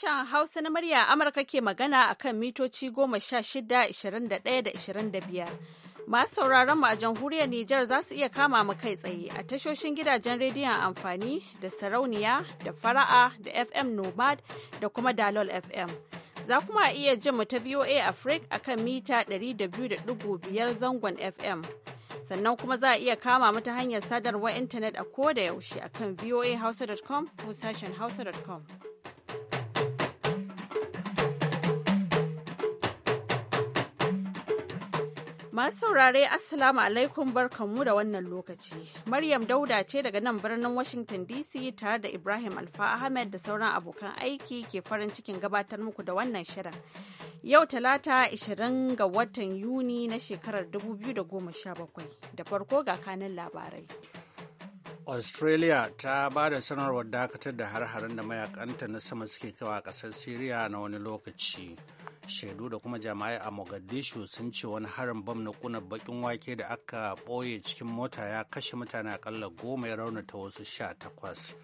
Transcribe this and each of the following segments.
Sashen Hausa na murya Amurka ke magana a kan mitoci goma sha shida, ishirin da ɗaya da ishirin da biyar. Masu sauraron mu a jamhuriyar Nijar za su iya kama mu kai tsaye a tashoshin gidajen rediyon amfani da sarauniya da fara'a da FM Nomad da kuma Dalol FM. Za kuma iya jin mu ta VOA Africa a kan mita 200.5 zangon FM. sannan kuma za a iya kama mu ta hanyar sadarwar intanet a koda yaushe akan hausa.com ko sashen hausa.com. Masu saurare Assalamu alaikum barkanmu da wannan lokaci. Maryam Dauda ce daga nan birnin Washington DC tare da Ibrahim Alfa Ahmed da sauran abokan aiki ke farin cikin gabatar muku da wannan shirin. Yau talata 20 ga watan Yuni na shekarar 2017 da farko ga kanin labarai. Australia ta ba da sanarwar dakatar da har-harin da mayakanta na sama suke kawa a ƙasar Syria na wani lokaci. shaidu da kuma jama'ai a mogadishu sun ce wani harin bam na kuna bakin wake da aka ɓoye cikin mota ya kashe mutane akalla goma ya raunata wasu sha takwas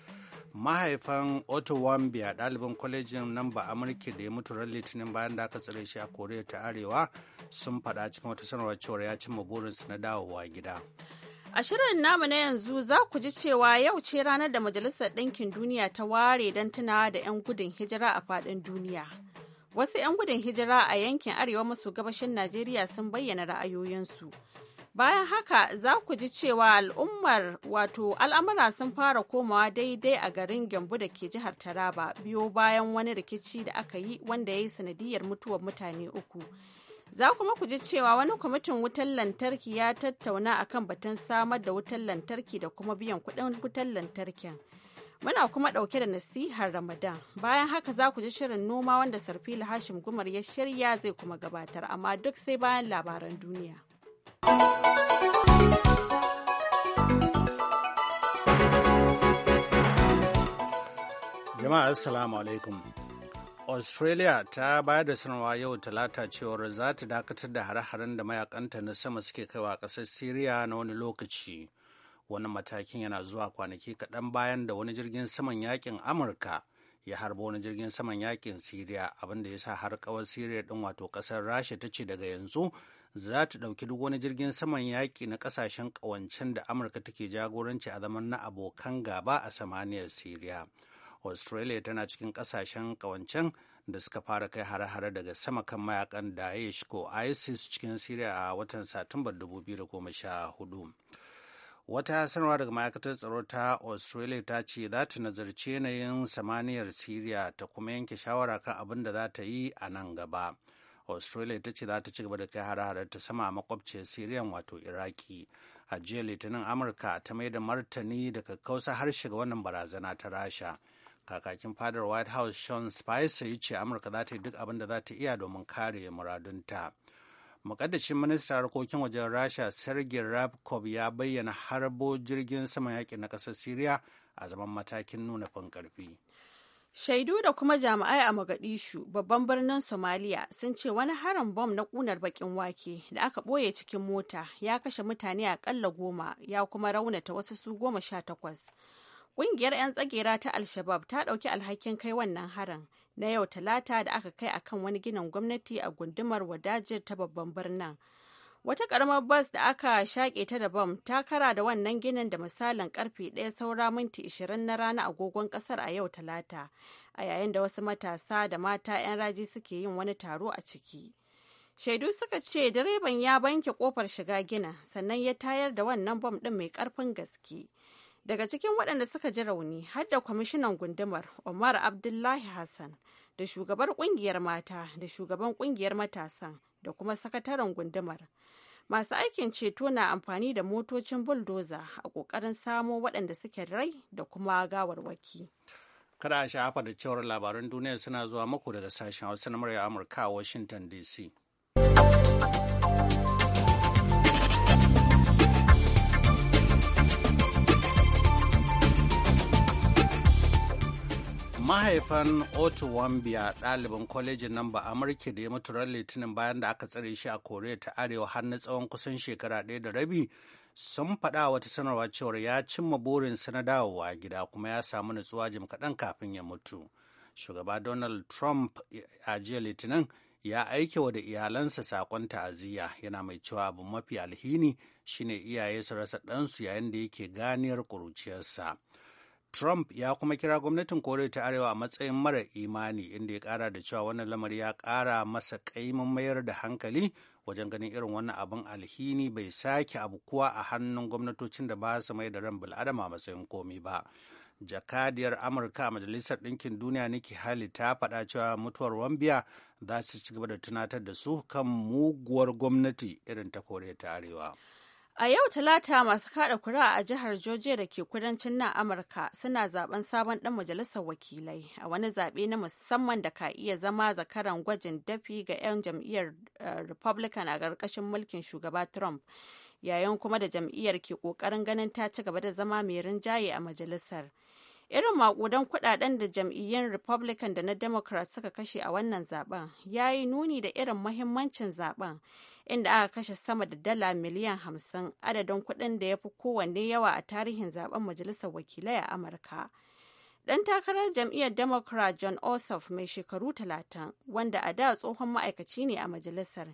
mahaifan otto wambia ɗalibin kwalejin nan ba amurki da ya mutu ran litinin bayan da aka tsare shi a koriya ta arewa sun faɗa cikin wata sanarwa cewar ya cimma burinsu na dawowa gida A shirin namu na yanzu za ku ji cewa yau ce ranar da Majalisar Ɗinkin Duniya ta ware don tunawa da 'yan gudun hijira a faɗin duniya. Wasu 'yan gudun hijira a yankin arewa maso gabashin Najeriya sun bayyana ra'ayoyinsu. Bayan haka za ku ji cewa al'ummar wato al'amura sun fara komawa daidai a garin Gyambu da ke jihar Taraba biyo bayan wani rikici da aka yi wanda ya yi sanadiyar mutuwar mutane uku. Za kuma ku ji cewa wani kwamitin wutar lantarki ya tattauna akan batun samar da wutar lantarki da kuma biyan kuɗin wutar lantarkin. Muna kuma ɗauke da nasihar Ramadan. Bayan haka za ku ji shirin noma wanda Sarfila Hashim Gumar ya shirya zai kuma gabatar, amma duk sai bayan labaran duniya. Jama'a Assalamu alaikum. Australia ta bayar da sanarwa yau talata cewar za ta dakatar da hare-haren da mayakanta na sama suke kaiwa ƙasar Siriya na wani lokaci. Wani matakin yana zuwa kwanaki kaɗan bayan da wani jirgin saman yakin Amurka ya harba wani jirgin saman yakin Siriya abinda ya sa har kawar Siriya ɗin wato ƙasar Rasha ta ce daga yanzu za ta ɗauki duk wani jirgin saman yaƙi na ƙasashen ƙawancen da Amurka take jagoranci a zaman na abokan gaba a samaniyar Siriya. Australia tana cikin ƙasashen ƙawancen da suka fara kai hare-hare daga sama kan mayakan Daesh ko ISIS cikin Siriya a watan Satumbar 2014. wata sanarwa daga ma'aikatar tsaro ta australia ta ce za ta nazarci yanayin samaniyar syria ta kuma yanke shawara kan abin da za ta yi a nan gaba australia ta ce za ta ci gaba da kai hare-hare ta sama a makwabciyar syria wato iraki a jiya litinin amurka ta mai da martani daga kausa har shiga wannan barazana ta rasha kakakin fadar white house sean spicer ya ce amurka za ta yi duk abin da za ta iya domin kare muradunta. Makaddashin ministan harkokin wajen Rasha Sergei Rabkov ya bayyana harbo jirgin sama yaƙi na ƙasar Siriya a zaman matakin nuna fin ƙarfi. Shaidu da kuma jami'ai a magadishu babban birnin Somalia, sun ce wani harin bom na kunar bakin wake da aka ɓoye cikin mota ya kashe mutane aƙalla goma ya kuma raunata wasu su goma sha takwas. Ƙungiyar 'yan tsagera ta Alshabab ta ɗauki alhakin kai wannan harin na yau talata da aka kai akan wani ginin gwamnati a gundumar wadajir ta babban birnin. Wata ƙaramar bas da aka shaƙe ta da bam ta kara da wannan ginin da misalin karfe ɗaya saura minti ishirin na rana agogon ƙasar a yau talata, a yayin da wasu matasa da mata 'yan raji suke yin wani taro a ciki. shaidu suka ce direban ya banke kofar shiga gina sannan ya tayar da wannan bam ɗin mai ƙarfin gaske daga cikin waɗanda suka ji rauni har da kwamishinan gundumar omar abdullahi hassan da shugabar ƙungiyar mata da shugaban ƙungiyar matasan da kuma sakataren gundumar masu aikin ceto na amfani da motocin buldoza a ƙoƙarin samo waɗanda suke rai da kuma gawarwaki kada a sha'afa da cewar labaran duniya suna zuwa muku daga sashen hausa na murya amurka a washington dc mahaifan otu wambia ɗaliban kwalejin nan ba amurka da ya mutu ran litinin bayan da aka tsare shi a koriya ta arewa har na tsawon kusan shekara ɗaya da rabi sun faɗa wata sanarwa cewa ya cimma burin na dawowa gida kuma ya samu nutsuwa jim kaɗan kafin ya mutu shugaba donald trump a jiya litinin ya aike wa da iyalansa sakon ta'aziyya yana mai cewa abu mafi alhini shine iyaye su rasa ɗansu yayin da yake ganiyar ƙuruciyarsa Trump ya kuma kira gwamnatin Koriya ta Arewa a matsayin mara imani inda ya kara da cewa wannan lamari ya kara masa kaimin mayar da hankali wajen ganin irin wannan abin alhini bai sake abu kuwa a hannun gwamnatocin da ba su mai da ran bil'adama a matsayin komi ba. jakadiyar amurka a majalisar ɗinkin duniya Nikki hali ta faɗa cewa mutuwar wambiya za su ci gaba da tunatar da su kan muguwar gwamnati irin ta koriya ta arewa A yau Talata masu kada kura a jihar Georgia da ke kudancin nan Amurka suna zaben sabon dan majalisar wakilai a wani zaɓe na musamman da ka iya zama zakaran gwajin dafi ga 'yan jam'iyyar eh, Republican a ƙarƙashin mulkin shugaba Trump yayin kuma da jam'iyyar ke ƙoƙarin ganin ta ci gaba da zama mai rinjaye a majalisar. Irin maƙudan kuɗaɗen da jam'iyyun Republican da na Democrat suka kashe a wannan zaben ya yi nuni da irin mahimmancin zaben. inda aka kashe sama da dala miliyan hamsin adadin kuɗin da ya fi kowanne yawa a tarihin zaben majalisar wakilai a amurka ɗan takarar jam'iyyar democrat john ossoff mai shekaru talatin wanda a da tsohon ma'aikaci ne a majalisar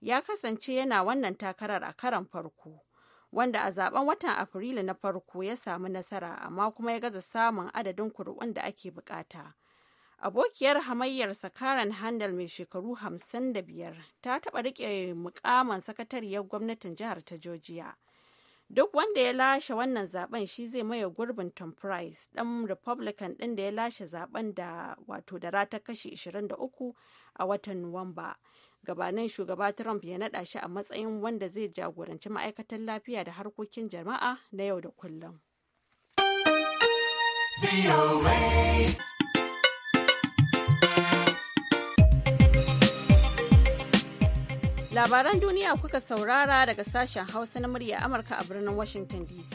ya kasance yana wannan takarar a karan farko wanda a zaben watan afrilu na farko ya samu nasara amma kuma ya gaza samun adadin kuri'un da ake bukata. abokiyar hamayyarsa karen handel mai shekaru 55 ta taɓa riƙe mukamin sakatariyar gwamnatin jihar ta georgia duk wanda ya lashe wannan zaben shi zai maye gurbin tom price ɗan republican ɗin da ya lashe zaben da wato da rata kashi 23 a watan nuwamba gabanin shugaba trump ya naɗa shi a matsayin wanda zai jagoranci ma'aikatan lafiya da harkokin jama'a na yau da kullum. Labaran duniya kuka saurara daga sashen Hausa na murya Amurka a birnin Washington DC.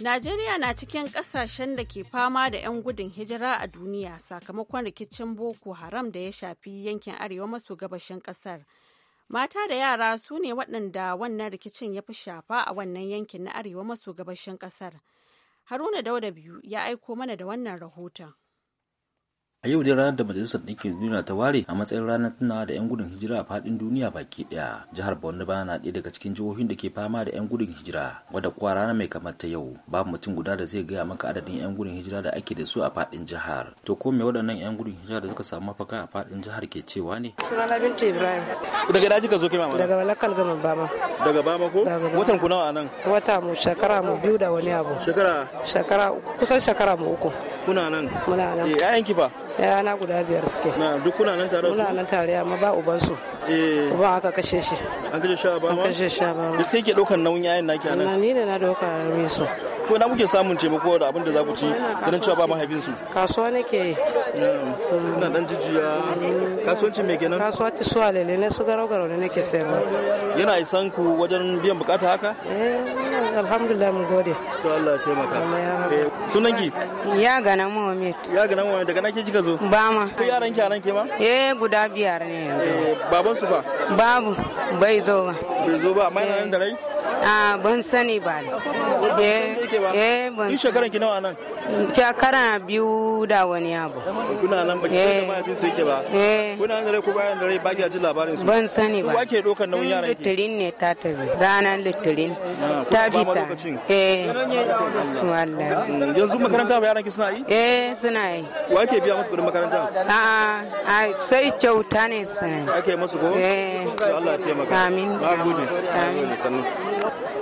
Najeriya na cikin kasashen da ke fama da 'yan gudun hijira a duniya sakamakon rikicin Boko Haram da ya shafi yankin arewa maso gabashin kasar. Mata da yara su ne waɗanda wannan rikicin ya fi shafa a wannan yankin na arewa maso gabashin kasar. Haruna Dauda biyu ya aiko mana da wannan rahoton. a yau dai ranar da majalisar ɗinkin duniya ta ware a matsayin ranar tunawa da 'yan gudun hijira a faɗin duniya baki ɗaya jihar borno bana na ɗaya daga cikin jihohin da ke fama da 'yan gudun hijira wadda kuwa rana mai kamar ta yau babu mutum guda da zai gaya maka adadin 'yan gudun hijira da ake da su a faɗin jihar to ko me waɗannan 'yan gudun hijira da suka samu mafaka a faɗin jihar ke cewa ne sunana bintu ibrahim daga daji ka zo ke mama daga malakal gama bama daga bama ko watan ku nawa nan wata mu shekara mu biyu da wani abu shekara shekara kusan shekara mu uku kuna nan muna nan eh fa yana guda biyar suke na duk kuna nan tare muna nan tare amma ba uban su eh. uban aka kashe shi an kashe shi ba an kashe shi ba ke daukan nauyin yayin naki anan ni ne na dauka nauyin su ko na kuke samun taimako da abin da za ku ci ganin cewa ba mahaifinsu kasuwa nake mm. ina dan jijiya kasuwanci me kenan kasuwanci su alele ne su garau garau ne nake sayarwa yana isan ku wajen biyan bukata haka eh alhamdulillah mun gode to Allah ya taimaka eh, sunan ki ya gana Muhammad ya gana Muhammad daga nake kika zo ba ma ko yaran ki anan ke ma eh guda biyar ne yanzu eh, baban su ba babu bai zo ba bai zo ba amma yana eh. nan da rai Ah, ban sani ba eh, eh ban shekaran biyu da wani ba da eh. mahaifin su yake ba eh. kuna nan bayan da rai ta tabi ah, ta fita mm, yanzu makaranta ba yaran ki suna yi eh suna yi ke biya musu kudin makaranta a a sai kyauta ne suna yi ake musu ko eh Allah ya taimaka amin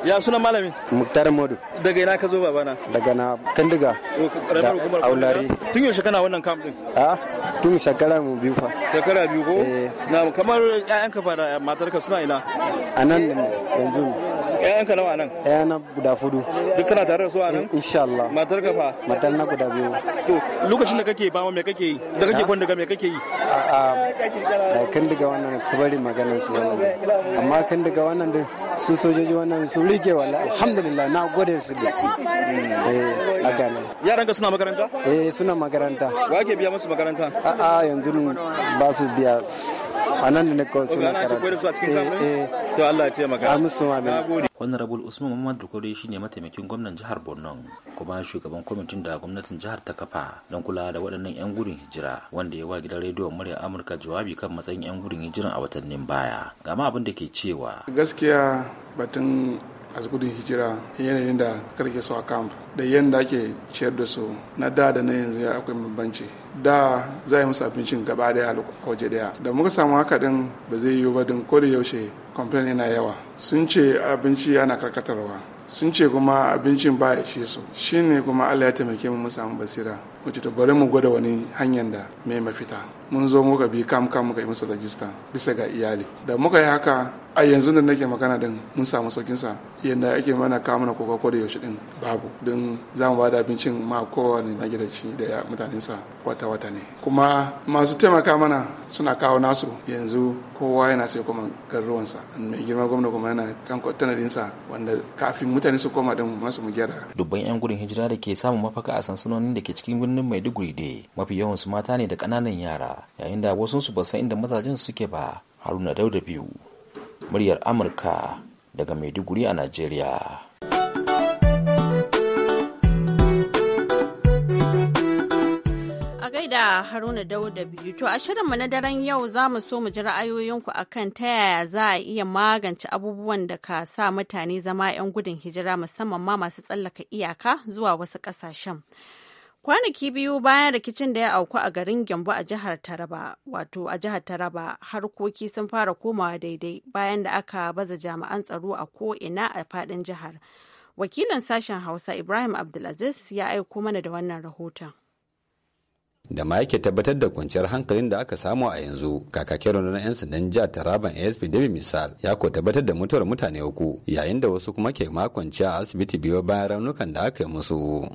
ya suna malami. muktar modu daga ina ka zo babana daga na kandiga da aulari tun yaushe kana wannan camp din a tun shekara mu biyu fa shekara biyu ko eh. na kamar ƴaƴanka fa da matarka suna ina a nan yanzu ƴaƴanka nawa nan ƴaƴana guda fudu duk kana tare da su a nan insha Allah matarka fa matar na guda biyu to lokacin da kake ba me kake yi da kake kwandaga me kake yi kan daga wannan kabari bari maganar su amma kan daga wannan da su sojoji wannan su rike wala alhamdulillah na gode su da su eh haka ne yaran ka suna makaranta eh suna makaranta wa ke biya musu makaranta a a yanzu ba su biya anan nan ne ko suna karanta eh, eh to Allah ya taimaka amsu amin honorable usman muhammad dukure shine mataimakin gwamnan jihar borno kuma shugaban kwamitin da gwamnatin jihar ta kafa don kula da waɗannan 'yan gudun hijira wanda ya wa gidan rediyon murya Amurka jawabi kan matsayin 'yan gudun hijiran a watannin baya. Gama abin da ke cewa. Gaskiya batun a gudun hijira yanayin da karke su a camp da yadda ake ciyar da su na da da na yanzu ya akwai bambanci da za a yi musu abincin gaba daya a waje daya da muka samu haka din ba zai yiwu ba din ko da yaushe kwamfani yana yawa sun ce abinci yana karkatarwa sun ce kuma abincin ba ishe su shine kuma Allah ya taimake mu mu samu basira ku bari mu gwada wani hanyar da mai mafita mun zo muka bi kam kam muka yi musu rajista bisa ga iyali da muka yi haka a yanzu da nake magana din mun samu saukin sa yadda ake mana kama koka ko da yaushe din babu don za mu bada abincin ma kowane na ci da mutanen sa wata wata ne kuma masu taimaka mana suna kawo nasu yanzu kowa yana sai kuma garruwan sa mai girma gwamna kuma yana kan kwatanarin sa wanda kafin mutane su koma din masu mu gyara dubban yan gudun hijira da ke samun mafaka a sansanonin da ke cikin birnin maiduguri dai mafi yawan su mata ne da ƙananan yara yayin da wasu su ba san inda mazajen suke ba haruna dauda biyu muryar amurka daga maiduguri a najeriya da Haruna Dauda biyu. To a mu na daren yau za mu so mu ji ra'ayoyinku a kan ta yaya za a iya magance abubuwan da ka sa mutane zama 'yan gudun hijira musamman ma masu tsallaka iyaka zuwa wasu ƙasashen. kwanaki biyu bayan rikicin da ya auku a garin gyambo a jihar taraba wato a jihar taraba harkoki sun fara komawa daidai bayan da aka baza jami'an tsaro a ko'ina a fadin jihar wakilin sashen hausa ibrahim abdulaziz ya aiko mana da wannan rahoton da ma yake tabbatar da kwanciyar hankalin da aka samu a yanzu kakakin rundunar 'yan sandan jihar taraban asp david misal ya ko tabbatar da mutuwar mutane uku yayin da wasu kuma ke kwanciya a asibiti biyu bayan raunukan da aka yi musu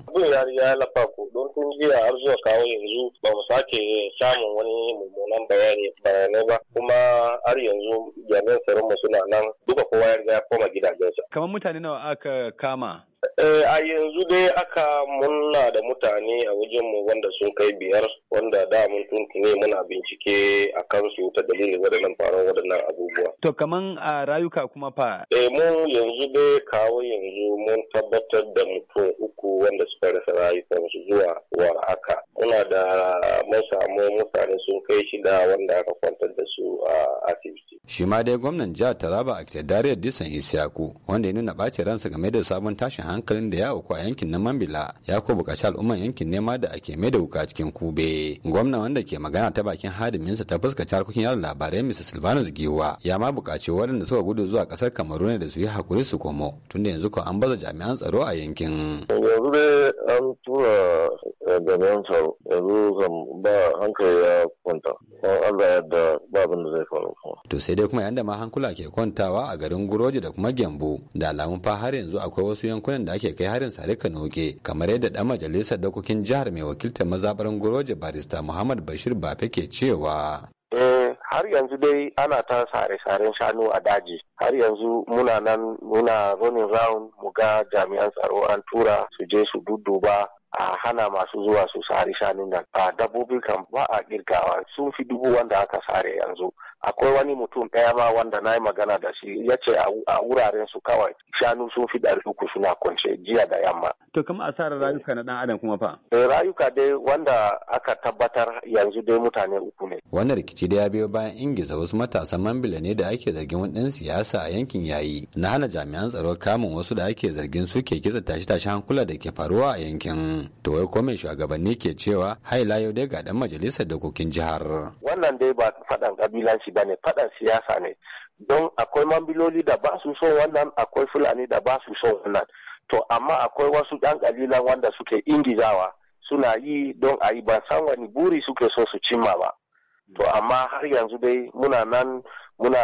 ya lafa ku don tun jiya har zuwa kawo yanzu ba mu sake samun wani mummunan bayani bayanai ba kuma har yanzu jami'an tsaron mu suna nan duka kowa ya koma gidajensa kamar mutane nawa aka kama Eh, a yanzu dai aka munna da mutane a wajenmu wanda sun kai biyar wanda da mun tuntune muna bincike a kansu ta dalilin waɗannan faruwar waɗannan abubuwa. To kaman a rayuka kuma fa? E mu yanzu dai kawo yanzu mun tabbatar da mutum uku wanda suka rasa rayukansu zuwa war haka. Muna da mun samu mutane sun kai shida wanda aka kwantar da su a asibiti. Shi ma dai gwamnan jihar Taraba a Dariyar Disan Isiyaku wanda ya nuna ɓacin ransa game da sabon tashin hankalin da ya auku a yankin na Mambila ya ko bukaci al'umman yankin nema da ake mai da wuka cikin kube. Gwamna wanda ke magana ta bakin hadiminsa ta fuskaci harkokin yada labarai Mr. Silvanus Giwa ya ma bukaci waɗanda suka gudu zuwa ƙasar Kamaru da su yi hakuri su komo tunda yanzu ko an baza jami'an tsaro a yankin. Yanzu dai an tura jami'an tsaro yanzu kam ba hankali ya kwanta. Allah yadda da zai faru. To sai dai kuma yanda ma hankula ke kwantawa a garin Guroji da kuma Gembu da alamun fa har yanzu akwai wasu yankunan wuraren da ake kai harin sarika noge kamar yadda dan majalisar dokokin jihar mai wakiltar mazaɓar goroje barista muhammad bashir bafe ke cewa eh, har yanzu dai ana ta sare-saren shanu a daji har yanzu muna nan muna running round mu ga jami'an tsaro an tura su je su dudduba a hana masu zuwa su sare shanun nan a dabbobi kan ba a kirgawa sun fi dubu wanda aka sare yanzu akwai wani mutum ɗaya ma wanda na yi magana da shi ya ce a wuraren su kawai shanu sun fi ɗari uku suna kwance jiya da yamma. To kama asarar rayuka na ɗan adam kuma fa? Eh, rayuka dai wanda aka tabbatar yanzu dai mutane uku ne. Wannan rikici da ya biyo bayan ingiza wasu matasan mambila ne da ake zargin wani ɗan siyasa a yankin yayi na hana jami'an tsaro kamun wasu da ake zargin su ke kitsa tashe tashi hankula da ke faruwa a yankin. To wai mai shugabanni ke cewa hai layo dai ga ɗan majalisar dokokin jihar. Wannan dai ba faɗan ƙabilanci siyasi ba ne faɗan siyasa ne don akwai mambiloli da ba su son wannan akwai fulani da ba su son wannan to amma akwai wasu ɗan ƙalilan wanda suke ingizawa suna yi don a yi ban san wani buri suke so su cimma ba to amma har yanzu dai muna nan muna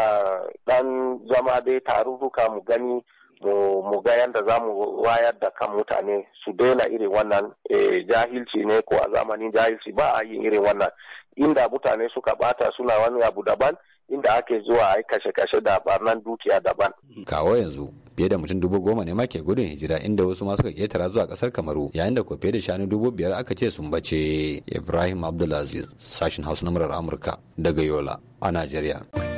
ɗan zama dai tarurruka mu gani mu ga yadda za mu wayar da kan mutane su daina irin wannan eh, jahilci ne ko a zamanin jahilci ba a yin irin wannan inda mutane suka bata suna wani abu daban inda ake zuwa a kashe-kashe da barnan dukiya daban. Kawo yanzu fiye da mutum dubu goma ne ma ke gudun hijira inda wasu ma suka ketara zuwa kasar Kamaru yayin da ko fiye da shanu dubu biyar aka ce sun bace. Ibrahim Abdulaziz sashin Hausa na murar Amurka daga Yola a Najeriya.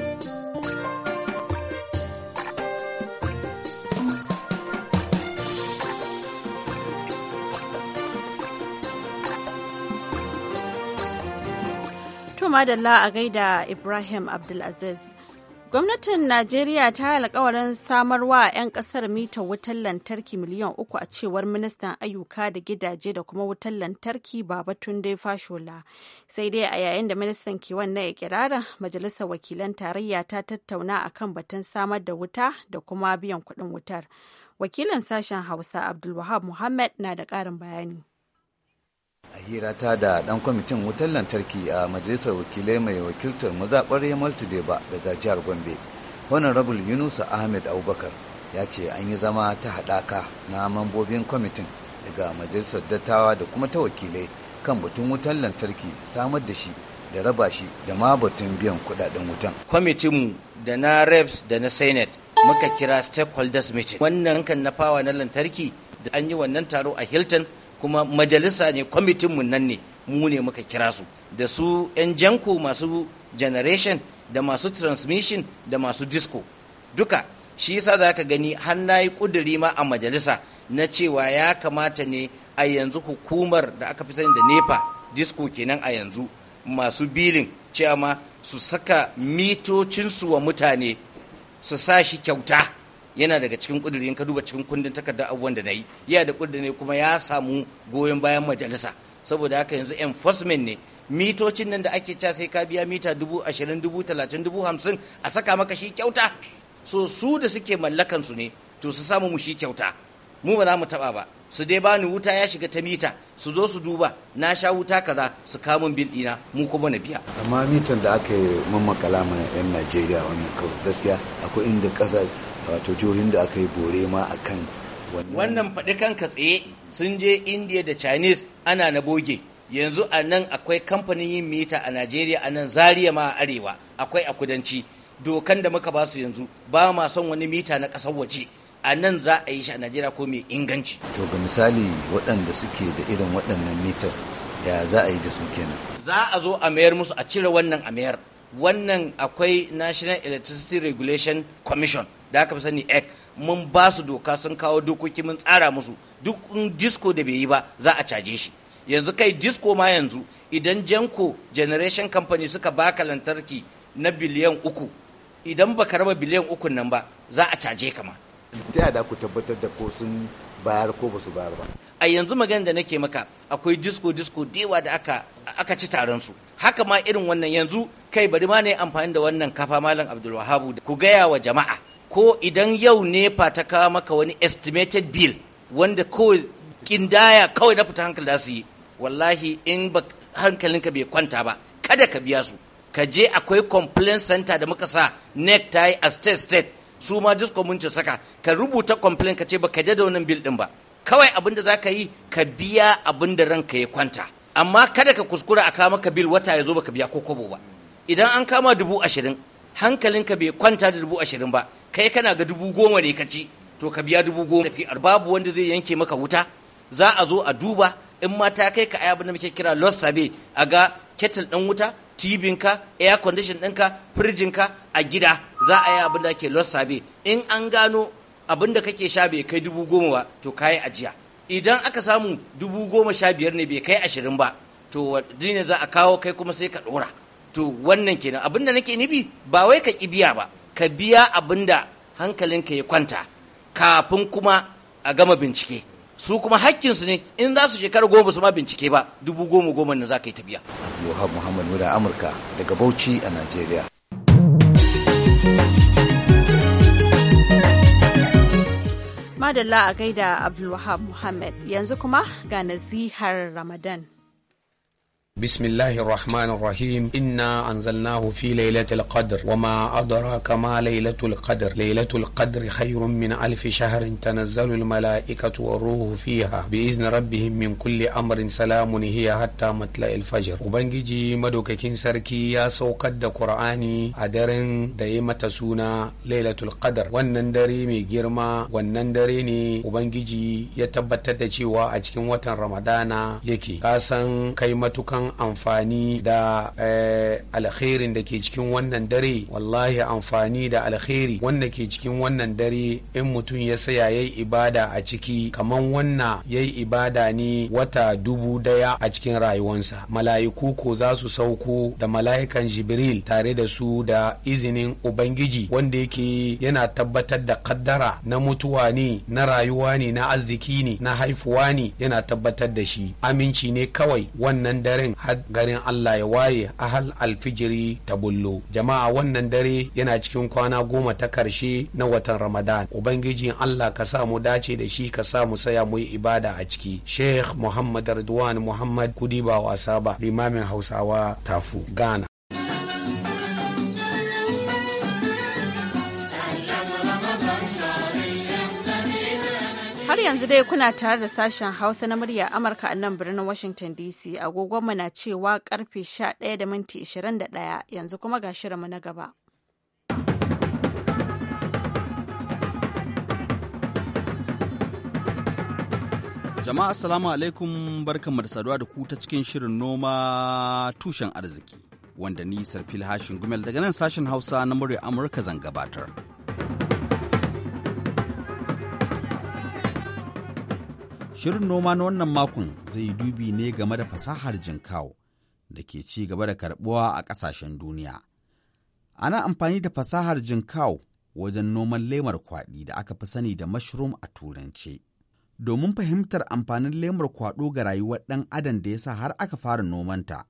madalla a gaida Ibrahim Abdulaziz. Gwamnatin Najeriya ta yi alkawarin samarwa a 'yan kasar mita wutar lantarki miliyan uku a cewar ministan ayyuka da gidaje da kuma wutar lantarki dai Fashola. Sai dai a yayin da ministan ke ya ikirarin majalisar wakilan tarayya ta tattauna a kan batun samar da wuta da kuma biyan kuɗin wutar. Wakilin sashen Hausa Abdulwahab Muhammad na da ƙarin bayani. a hira ta da dan kwamitin wutar lantarki a majalisar wakilai mai wakiltar mazaɓar yamal ba daga jihar gombe rabul yunusa ahmed abubakar ya ce an yi zama ta haɗaka na mambobin kwamitin daga majalisar dattawa da kuma ta wakilai kan batun wutar lantarki samar da shi da raba shi da ma batun biyan kuɗaɗen wutan kwamitinmu da na reps da na senet muka kira stakeholders meeting wannan kan na fawa na lantarki da an yi wannan taro a hilton kuma majalisa ne kwamitinmu nan ne mu ne muka kira su da su 'yan janko masu generation da masu transmission da masu disco duka shi yasa za ka gani har na yi ƙuduri ma a majalisa na cewa ya kamata ne a yanzu hukumar da aka fi sani da nepa disco kenan a yanzu masu bilin cewa ma su saka mitocinsu wa mutane su sa shi kyauta yana daga cikin kudirin ka duba cikin kundin takardar abubuwan da na yi yana da ne kuma ya samu goyon bayan majalisa saboda haka yanzu enforcement ne mitocin nan da ake ca sai ka biya mita dubu ashirin dubu talatin dubu hamsin a saka maka shi kyauta so su da suke mallakan su ne to su samu mu shi kyauta mu ba za mu taba ba su dai bani wuta ya shiga ta mita su zo su duba na sha wuta kaza su kamun bil dina mu kuma na biya amma mitan da aka yi mun makala ma yan Najeriya wannan kawai gaskiya akwai inda kasa wato jihohin da aka yi bore ma a kan wannan faɗi kanka tsaye sun je Indiya da chinese ana na boge yanzu a nan akwai kamfanin yin mita a najeriya a nan Zariya ma a arewa akwai a kudanci dokan da muka basu yanzu ba ma son wani mita na ƙasar waje a nan za a yi shi a najeriya ko mai inganci to ga misali waɗanda suke da irin waɗannan mitar ya za a yi da su kenan za a zo a mayar musu a cire wannan a mayar wannan akwai national electricity regulation commission da aka fi sani ek mun ba su doka sun kawo dokoki mun tsara musu duk in disco da bai yi ba za a caje shi yanzu kai disco ma yanzu idan janko generation company suka baka lantarki na biliyan uku idan ba ka raba biliyan ukun nan ba za a caje ka ma ta yada ku tabbatar da ko sun bayar ko ba su bayar ba a yanzu magana da nake maka akwai disco disco dewa da aka aka ci taron su haka ma irin wannan yanzu kai bari ma ne amfani da wannan kafa malam abdulwahabu ku gaya wa jama'a ko idan yau nepa ta kawo maka wani estimated bill wanda kawai kindaya kawai na fita hankali za su yi wallahi in ba hankalinka bai kwanta ba kada ka biya su ka je akwai complaint center da muka sa nec ta yi a state state su ma disko mun saka ka rubuta complaint ka ce ba ka je da wannan bill din ba kawai abin da za ka yi ka biya abin da ranka ya kwanta amma kada ka kuskura a kawo maka bill wata ya zo baka biya ko kobo ba idan an kama dubu ashirin hankalinka bai kwanta da dubu ashirin ba kai kana ga dubu goma ne ka ci to ka biya dubu goma fi babu wanda zai yanke maka wuta za a zo a duba in ma ta kai ka abin da muke kira los sabe a ga kettle ɗin wuta tibinka air condition ɗinka ka, a gida za a yi abin da ke los sabe in an gano abin da kake sha bai kai dubu goma ba to kayi ajiya idan aka samu dubu goma sha biyar ne bai kai ashirin ba to ne za a kawo kai kuma sai ka ɗora to wannan kenan abinda nake nufi ba wai ka ki biya ba ka biya abinda hankalinka ya kwanta kafin kuma a gama bincike su kuma hakkinsu ne in za su shekara goma su ma bincike ba dubu goma goma na za ka yi ta biya. Yohan Muhammad Mura Amurka daga Bauchi a Najeriya. Madalla a gaida Abdulwahab Muhammad yanzu kuma ga nazihar Ramadan. بسم الله الرحمن الرحيم إنا أنزلناه في ليلة القدر وما أدراك ما ليلة القدر ليلة القدر خير من ألف شهر تنزل الملائكة والروح فيها بإذن ربهم من كل أمر سلام هي حتى مطلع الفجر وبنجي مدوككين سركي يا سوكد قرآني أدرن دائما تسونا ليلة القدر والنندري مي جرما والنندري ني وبنجي يتبتت cewa a cikin watan Ramadana yake kasan kai matukan an amfani da eh, alkhairin da ke cikin wannan dare wallahi amfani da alkhairi wanda ke cikin wannan dare in mutum ya saya yayi ibada a ciki kaman wannan yayi ibada ne wata dubu daya a cikin rayuwansa mala'iku ko za su sauko da mala'ikan jibril tare da su da izinin ubangiji wanda yake yana tabbatar da kaddara na mutuwa ne na rayuwa ne na arziki ne na haifuwa ne yana tabbatar da shi aminci ne kawai wannan daren har garin Allah ya waye ahal alfijiri ta bullo jama'a wannan dare yana cikin kwana goma ta karshe na watan Ramadan ubangijin Allah ka sa mu dace da shi ka sa mu saya mu yi ibada a ciki Sheikh Muhammad Ridwan Muhammad Kudiba wasa ba limamin Hausawa tafu Ghana yanzu dai kuna tare da sashen Hausa na murya Amurka a nan birnin Washington DC agogon mu na cewa karfe 11 da minti 21 yanzu kuma ga mu na gaba. Jama'a Assalamu alaikum barkanmu da saduwa da ku ta cikin shirin noma tushen arziki wanda ni Sarfil Hashin Gumel daga nan sashen Hausa na murya Amurka zan gabatar. Shirin noma na wannan makon zai yi dubi ne game da fasahar jinkau da ke ci gaba da karbuwa a ƙasashen duniya. Ana amfani da fasahar jinkau wajen noman lemar kwaɗi da aka fi sani da mushroom a turance. Domin fahimtar amfanin lemar kwaɗo ga rayuwar ɗan adam da ya sa har aka fara nomanta,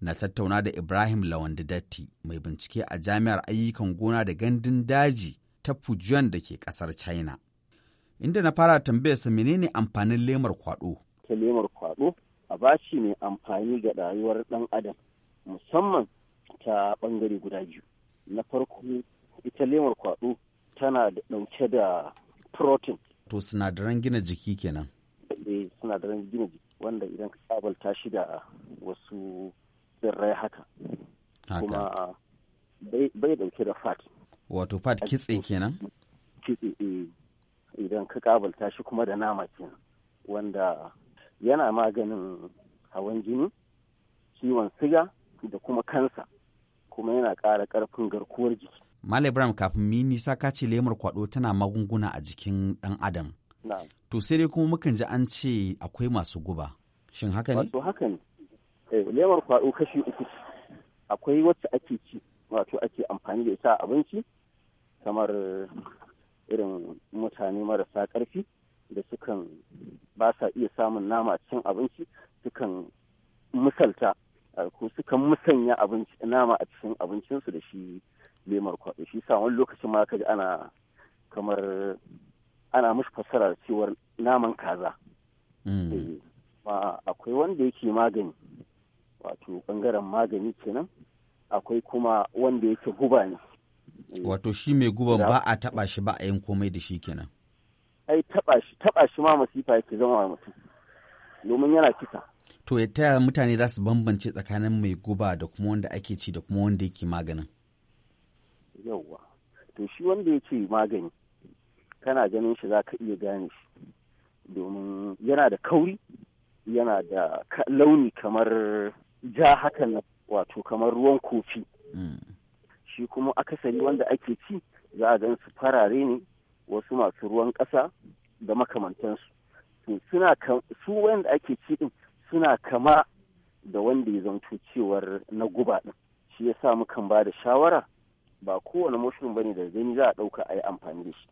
na tattauna da Ibrahim Lawandi Datti mai bincike a jami'ar ayyukan gona da gandun daji ta Fujian da ke ƙasar China. inda na fara tambayarsa menene amfanin lemar kwaɗo. Ta lemar kwaɗo abaci ne amfani ga rayuwar ɗan adam musamman ta ɓangare guda biyu. Na farko ita lemar kwaɗo tana da ɗauke da protein. To sinadaran gina jiki kenan. Eh sinadaran gina jiki wanda idan ka sabalta shi da wasu tsirrai haka. Kuma bai ɗauke da fat. Wato fat kitse kenan? Kitse eh, idan ka kabalta shi kuma da nama kenan wanda yana maganin hawan jini ciwon siga da kuma kansa kuma yana kara karfin garkuwar jiki Mal Ibrahim kafin mu nisa ka ce lemar kwaɗo tana magunguna a jikin ɗan adam. To sai dai kuma mukan ji an ce akwai masu guba. Shin haka ne? Wato haka ne. Eh, lemar kwaɗo kashi uku Akwai wacce ake ci wato ake amfani da ita abinci kamar irin mutane marasa ƙarfi da sukan ba sa iya samun nama cikin abinci sukan misalta ko sukan musanya nama a cikin abincinsu da shi lemar kwaɗo shi sa wani lokacin ma kaji ana kamar ana musu fassara cewar naman kaza mm. eh, akwai wanda yake magani wato bangaren magani kenan akwai kuma wanda yake guba ne Mm. Wato shi mai guban ba a taɓa shi ba a yin komai da shi kenan. Ai taɓa shi taba shi ma masifa yake zama wa mutum domin yana kisa. To ya taya mutane za su bambance tsakanin mai guba da kuma wanda ake ci da kuma wanda yake maganin. Yawwa to shi wanda yake magani kana ganin shi za ka iya gane shi domin yana da kauri yana da launi kamar ja hakan wato kamar ruwan kofi. Mm. shi kuma akasari wanda ake ci za a gan su farare ne wasu masu ruwan ƙasa da makamantansu su wanda ake ci din suna kama da wanda ya zanto cewar na guba din shi yasa mukan ba da shawara ba kowane mushroom ne da gani za a ɗauka a yi amfani da shi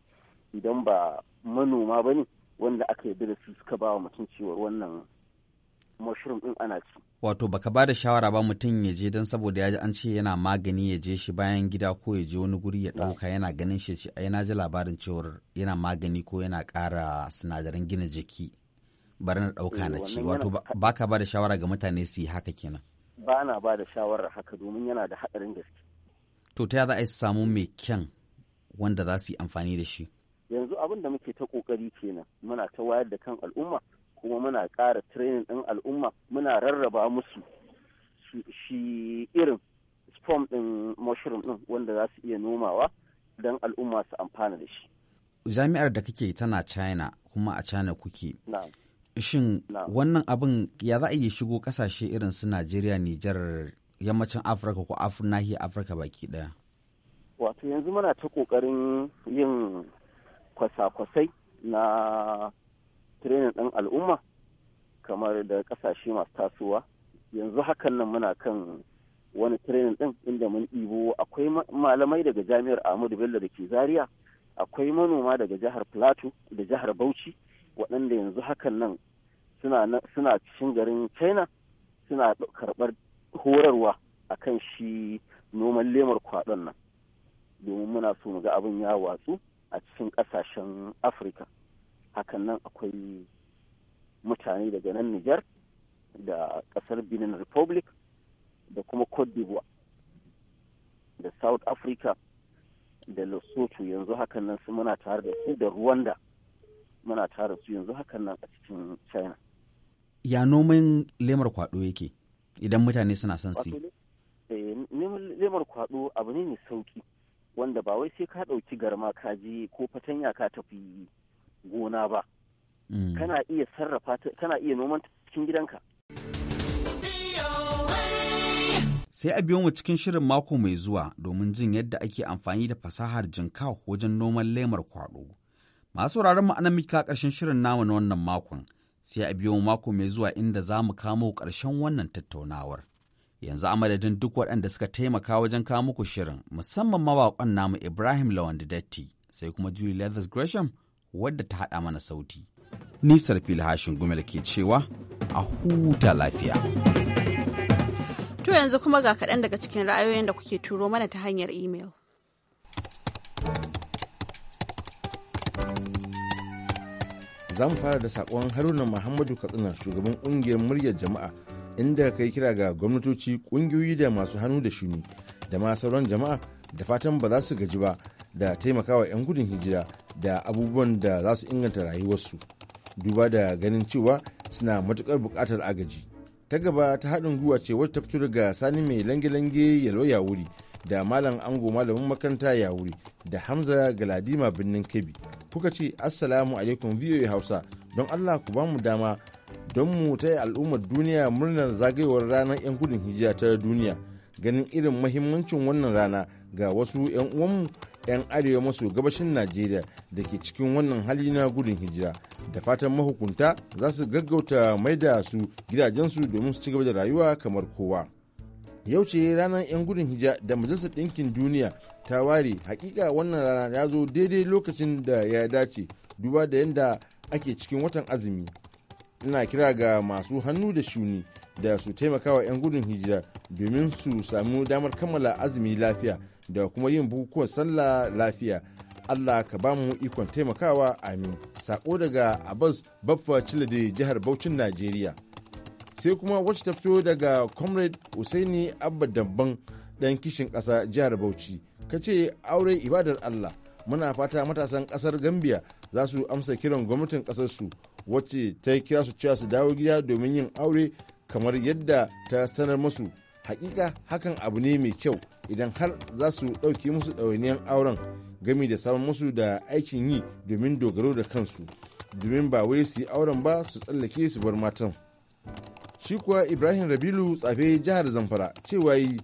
idan ba manoma bane wanda aka yi da su suka ba wa mutum cewar wannan mushroom din ana ci. Wato baka ba da shawara ba mutum ya je don saboda ya an ce yana magani ya je shi bayan gida ko ya je wani guri ya ɗauka yana ganin shi ce ai na ji labarin cewar yana magani ko yana ƙara sinadaran gina jiki bari na ɗauka na ci eh, wato baka ba da shawara ga mutane su yi haka kenan. Ba na ba da shawarar haka domin yana da haɗarin gaske. To ta za a yi samu mai kyan wanda za su yi amfani da shi. Yanzu abin da muke ta ƙoƙari kenan muna ta wayar da kan al'umma kuma muna ƙara training ɗin al'umma muna rarraba musu shi irin sperm ɗin mushroom ɗin wanda za su iya nomawa don al'umma su amfana da shi. Jami'ar da kake tana China kuma a China kuke. Shin wannan abin ya za a iya shigo kasashe irin su Najeriya, Nijar, yammacin Afirka ko nahiyar Afirka baki ɗaya? Wato yanzu muna ta ƙoƙarin yin kwasa-kwasai na training ɗan al'umma kamar da kasashe masu tasowa yanzu hakan nan muna kan wani tirenin ɗin inda mun ɗibo akwai malamai daga jami'ar ahmadu bello da ke zaria akwai manoma daga jihar plateau da jihar bauchi waɗanda yanzu hakan nan suna cikin garin china suna karɓar horarwa a kan shi noman lemar kwaɗon nan domin muna so mu ga abin ya watsu a cikin ƙasashen afirka hakan nan akwai mutane daga nan Nijar da ƙasar Benin Republic da kuma Cote d'Ivoire da South Africa da Lesotho yanzu hakan nan su muna tare da su da Rwanda muna tare su yanzu hakan nan a cikin China. Ya noman lemar kwaɗo yake idan mutane suna son su eh, lemar kwaɗo abu ne mai sauki wanda ba wai sai ka ɗauki garma ka je ko fatanya ka tafi gona ba mm. kana iya sarrafa kana iya noman cikin gidanka sai a biyo mu cikin shirin mako mai zuwa domin jin yadda ake amfani da fasahar jinka wajen noman lemar kwaɗo. Masu wuraren mu anan muka ƙarshen shirin namu na wannan makon, sai a biyo mu mako mai zuwa inda za mu kamo ƙarshen wannan tattaunawar. Yanzu a madadin duk waɗanda suka taimaka wajen kawo muku shirin, musamman mawaƙon namu Ibrahim Lawandi Datti, sai kuma Julie Leathers Gresham wadda ta haɗa mana sauti. Nisar filhashin gumel ke cewa a huta lafiya. To yanzu kuma ga kaɗan daga cikin ra'ayoyin da kuke turo mana ta hanyar imel. Za mu fara da saƙon Haruna Muhammadu Katsina shugaban ƙungiyar muryar jama'a inda kai kira ga gwamnatoci ƙungiyoyi da masu hannu da shuni da ma sauran jama'a da fatan ba za su gaji ba da taimakawa 'yan gudun hijira da abubuwan da za su inganta rayuwarsu duba da ganin cewa suna matukar bukatar agaji ta gaba ta haɗin gwiwa ce wacce ta fito daga sani mai lange-lange yalwa ya wuri da malam ango malamin makaranta ya wuri da hamza galadima birnin kebbi kuka ce assalamu alaikum voa hausa don allah ku bamu dama don mu ta yi al'ummar duniya murnar zagayowar ranar 'yan gudun hijira ta duniya ganin irin mahimmancin wannan rana ga wasu 'yan uwanmu 'yan arewa maso gabashin najeriya da ke cikin wannan hali na gudun hijira da fatan mahukunta za su gaggauta da su gidajensu domin su ci gaba da rayuwa kamar kowa yau ce ranar 'yan gudun hijira da majalisar ɗinkin duniya ta ware hakika wannan rana ya zo daidai lokacin da ya dace duba da yadda ake cikin watan azumi ina kira ga masu hannu da shuni da su taimakawa 'yan gudun hijira domin su samu damar kammala azumi lafiya da kuma yin bukukuwan sallah lafiya allah ka ba mu ikon taimakawa amin sako daga abbas baffa cilade jihar Bauchin najeriya sai kuma wacce ta fito daga comrade usaini abba dabban dan kishin ƙasa jihar bauchi ka ce aure ibadar allah muna fata matasan ƙasar gambia za su amsa kiran gwamnatin ƙasarsu wacce ta kira su cewa su dawo gida domin yin aure kamar yadda ta sanar musu. hakika hakan abu ne mai kyau idan har za su ɗauke musu ɗawainiyar auren gami da samun musu da aikin yi domin dogaro da kansu domin ba wai su yi auren ba su tsallake su bar matan shi kuwa ibrahim rabilu tsafe jihar zamfara cewa yi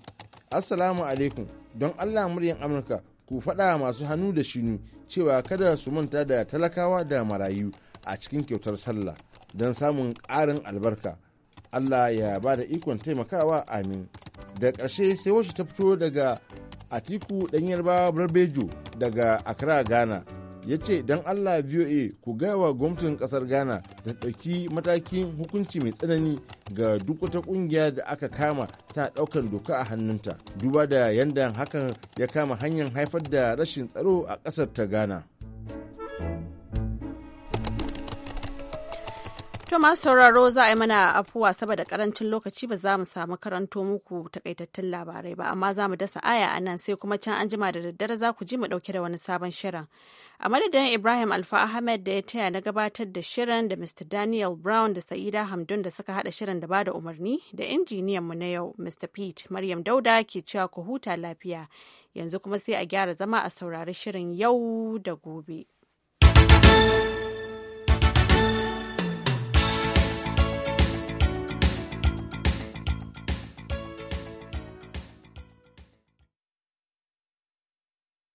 assalamu alaikum don allah muryan amurka ku faɗa masu hannu da shinu cewa kada su manta da talakawa da marayu a cikin kyautar sallah don samun ƙarin albarka Allah ya ba da ikon taimakawa amin. Da ƙarshe sai wacce ta fito daga Atiku ɗan yarbawa Barbejo daga Accra Ghana ya ce don Allah VOA ku wa gwamnatin ƙasar Ghana da ɗauki matakin hukunci mai tsanani ga duk wata ƙungiya da aka kama ta ɗaukar doka a hannunta duba da yadda hakan ya kama hanyar haifar da rashin tsaro a ƙasar ta Ghana. To masu sauraro za a yi mana afuwa saboda karancin lokaci ba za mu samu karanto muku takaitattun labarai ba amma za mu dasa aya a nan sai kuma can an jima da daddare za ku ji mu dauke da wani sabon shirin. A madadin Ibrahim Alfa Ahmed da ya taya na gabatar da shirin da Mr. Daniel Brown da Sa'ida Hamdun da suka hada shirin da bada umarni da injiniyan mu na yau Mr. Pete Maryam Dauda ke cewa ku huta lafiya. Yanzu kuma sai a gyara zama a saurari shirin yau da gobe.